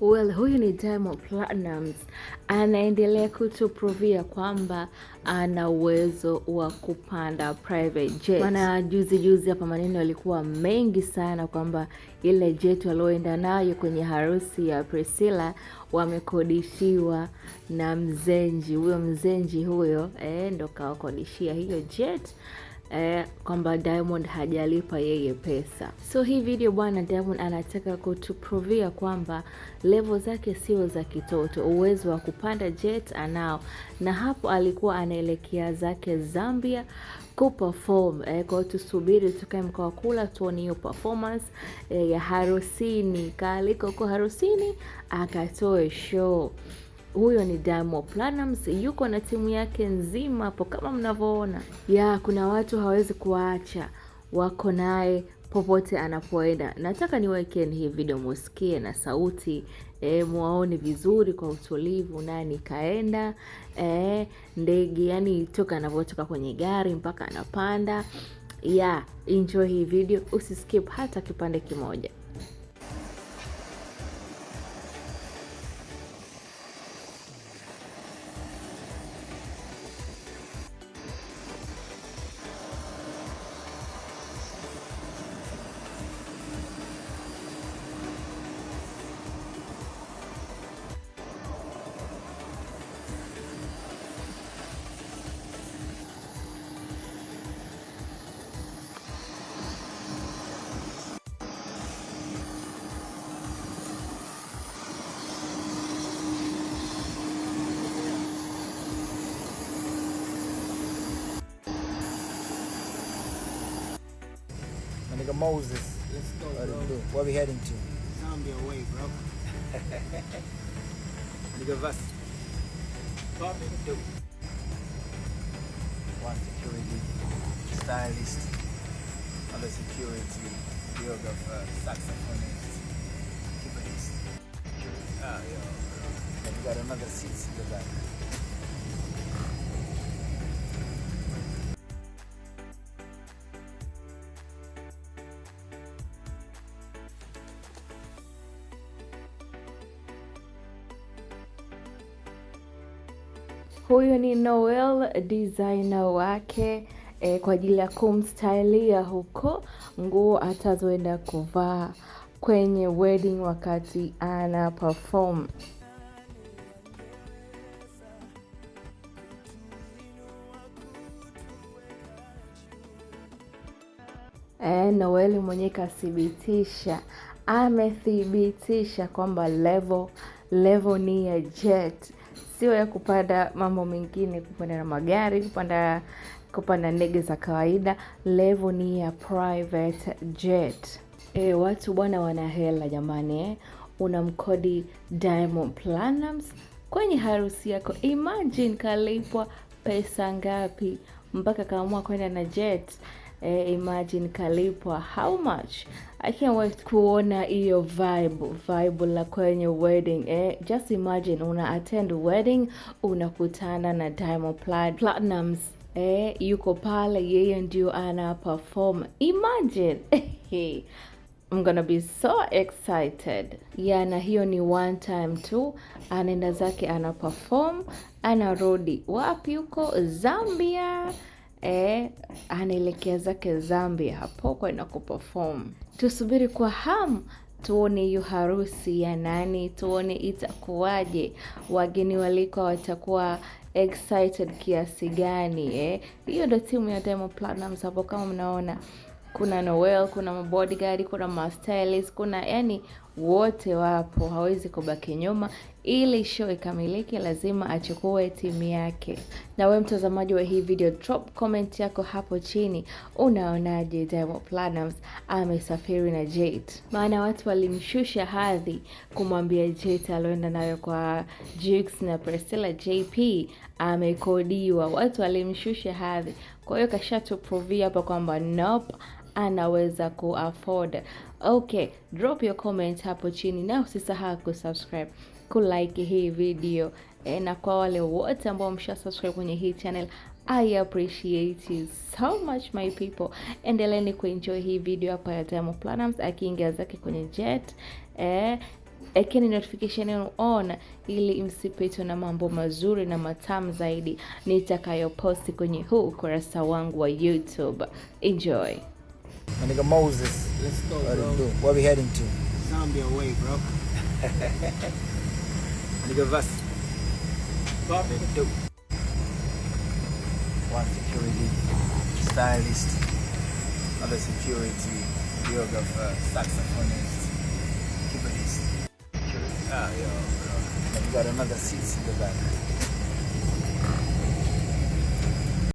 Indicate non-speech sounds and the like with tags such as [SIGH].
Well, huyu ni Diamond Platnumz anaendelea kutuprovia kwamba ana uwezo wa kupanda private jet. Maana juzi juzi hapa maneno yalikuwa mengi sana kwamba ile jet walioenda nayo kwenye harusi ya Priscilla wamekodishiwa na mzenji huyo, mzenji huyo eh, ndo kawakodishia hiyo jet eh, kwamba Diamond hajalipa yeye pesa. So hii video bwana, Diamond anataka kutuprovia kwamba level zake sio za kitoto, uwezo wa kupanda jet anao, na hapo alikuwa anaelekea zake Zambia kuperform eh, kwao. Tusubiri tukae mkoa kula tuone hiyo performance eh, ya harusini. Kaalikwa huko harusini akatoe show. Huyo ni Diamond Platnumz, yuko na timu yake nzima hapo kama mnavyoona. Ya, kuna watu hawezi kuwaacha, wako naye popote anapoenda. Nataka niwekeni hii video musikie na sauti e, muwaone vizuri kwa utulivu. Nani kaenda e, ndege yani, toka anavyotoka kwenye gari mpaka anapanda. Ya, enjoy hii video, usiskip hata kipande kimoja. Moses. Let's go, what bro. Do? Where we heading to? Zambia away, bro. Look at us. Bobby do. One security stylist, other security geographer, saxophonist, keyboardist. Ah, yeah. And you got another seat in the back. Huyu ni Noel designer wake e, kwa ajili ya kumstylia huko nguo atazoenda kuvaa kwenye wedding wakati ana perform. Eh, Noel mwenyewe kathibitisha, amethibitisha kwamba level level ni ya jet sio ya kupanda mambo mengine, kupanda na magari, kupanda kupanda ndege za kawaida. Level ni ya private jet. E, watu bwana wana hela jamani. Eh. Unamkodi Diamond Platnumz kwenye harusi yako, imagine kalipwa pesa ngapi mpaka kaamua kwenda na jet eh, imagine kalipwa how much? I can't wait kuona hiyo vibe vibe la kwenye wedding eh, just imagine una attend wedding unakutana na Diamond plat platinums eh, yuko pale, yeye ndio ana perform imagine [LAUGHS] I'm gonna be so excited ya na hiyo ni one time tu, anaenda zake ana perform, anarudi wapi yuko Zambia anaelekea zake Zambia hapo kwenda kuperform. Tusubiri kwa hamu tuone hiyo harusi ya nani, tuone itakuwaje, wageni walikwa watakuwa excited kiasi gani eh? Hiyo ndo timu ya Diamond Platnumz hapo, kama mnaona kuna Noel, kuna mabodyguard, kuna mastylist, kuna yani wote wapo, hawezi kubaki nyuma. Ili show ikamilike, lazima achukue timu yake. Na we mtazamaji wa hii video, drop comment yako hapo chini, unaonaje Diamond Platnumz amesafiri na Jade? Maana watu walimshusha hadhi kumwambia Jade alioenda nayo kwa Jux na Priscilla JP amekodiwa, watu walimshusha hadhi. Kwa hiyo kashatuprovia hapa kwamba nope anaweza kuafford. Okay, drop your comment hapo chini na usisahau kusubscribe, kulike hii video e, na kwa wale wote ambao msha subscribe kwenye hii channel I appreciate you so much my people. Endeleeni kuenjoy hii video hapa ya Diamond Platnumz akiingia zake kwenye jet eh, ekeni notification yenu on ili msipitwe na mambo mazuri na matamu zaidi nitakayoposti kwenye huu ukurasa wangu wa YouTube. Enjoy. My nigga Moses. Let's go, what bro. Do? Where we heading to? Zombie away, bro. [LAUGHS] nigga Vas. What do? One security stylist, other security geographer, saxophonist, keyboardist. Ah, yo, bro. And we got another seat in the back.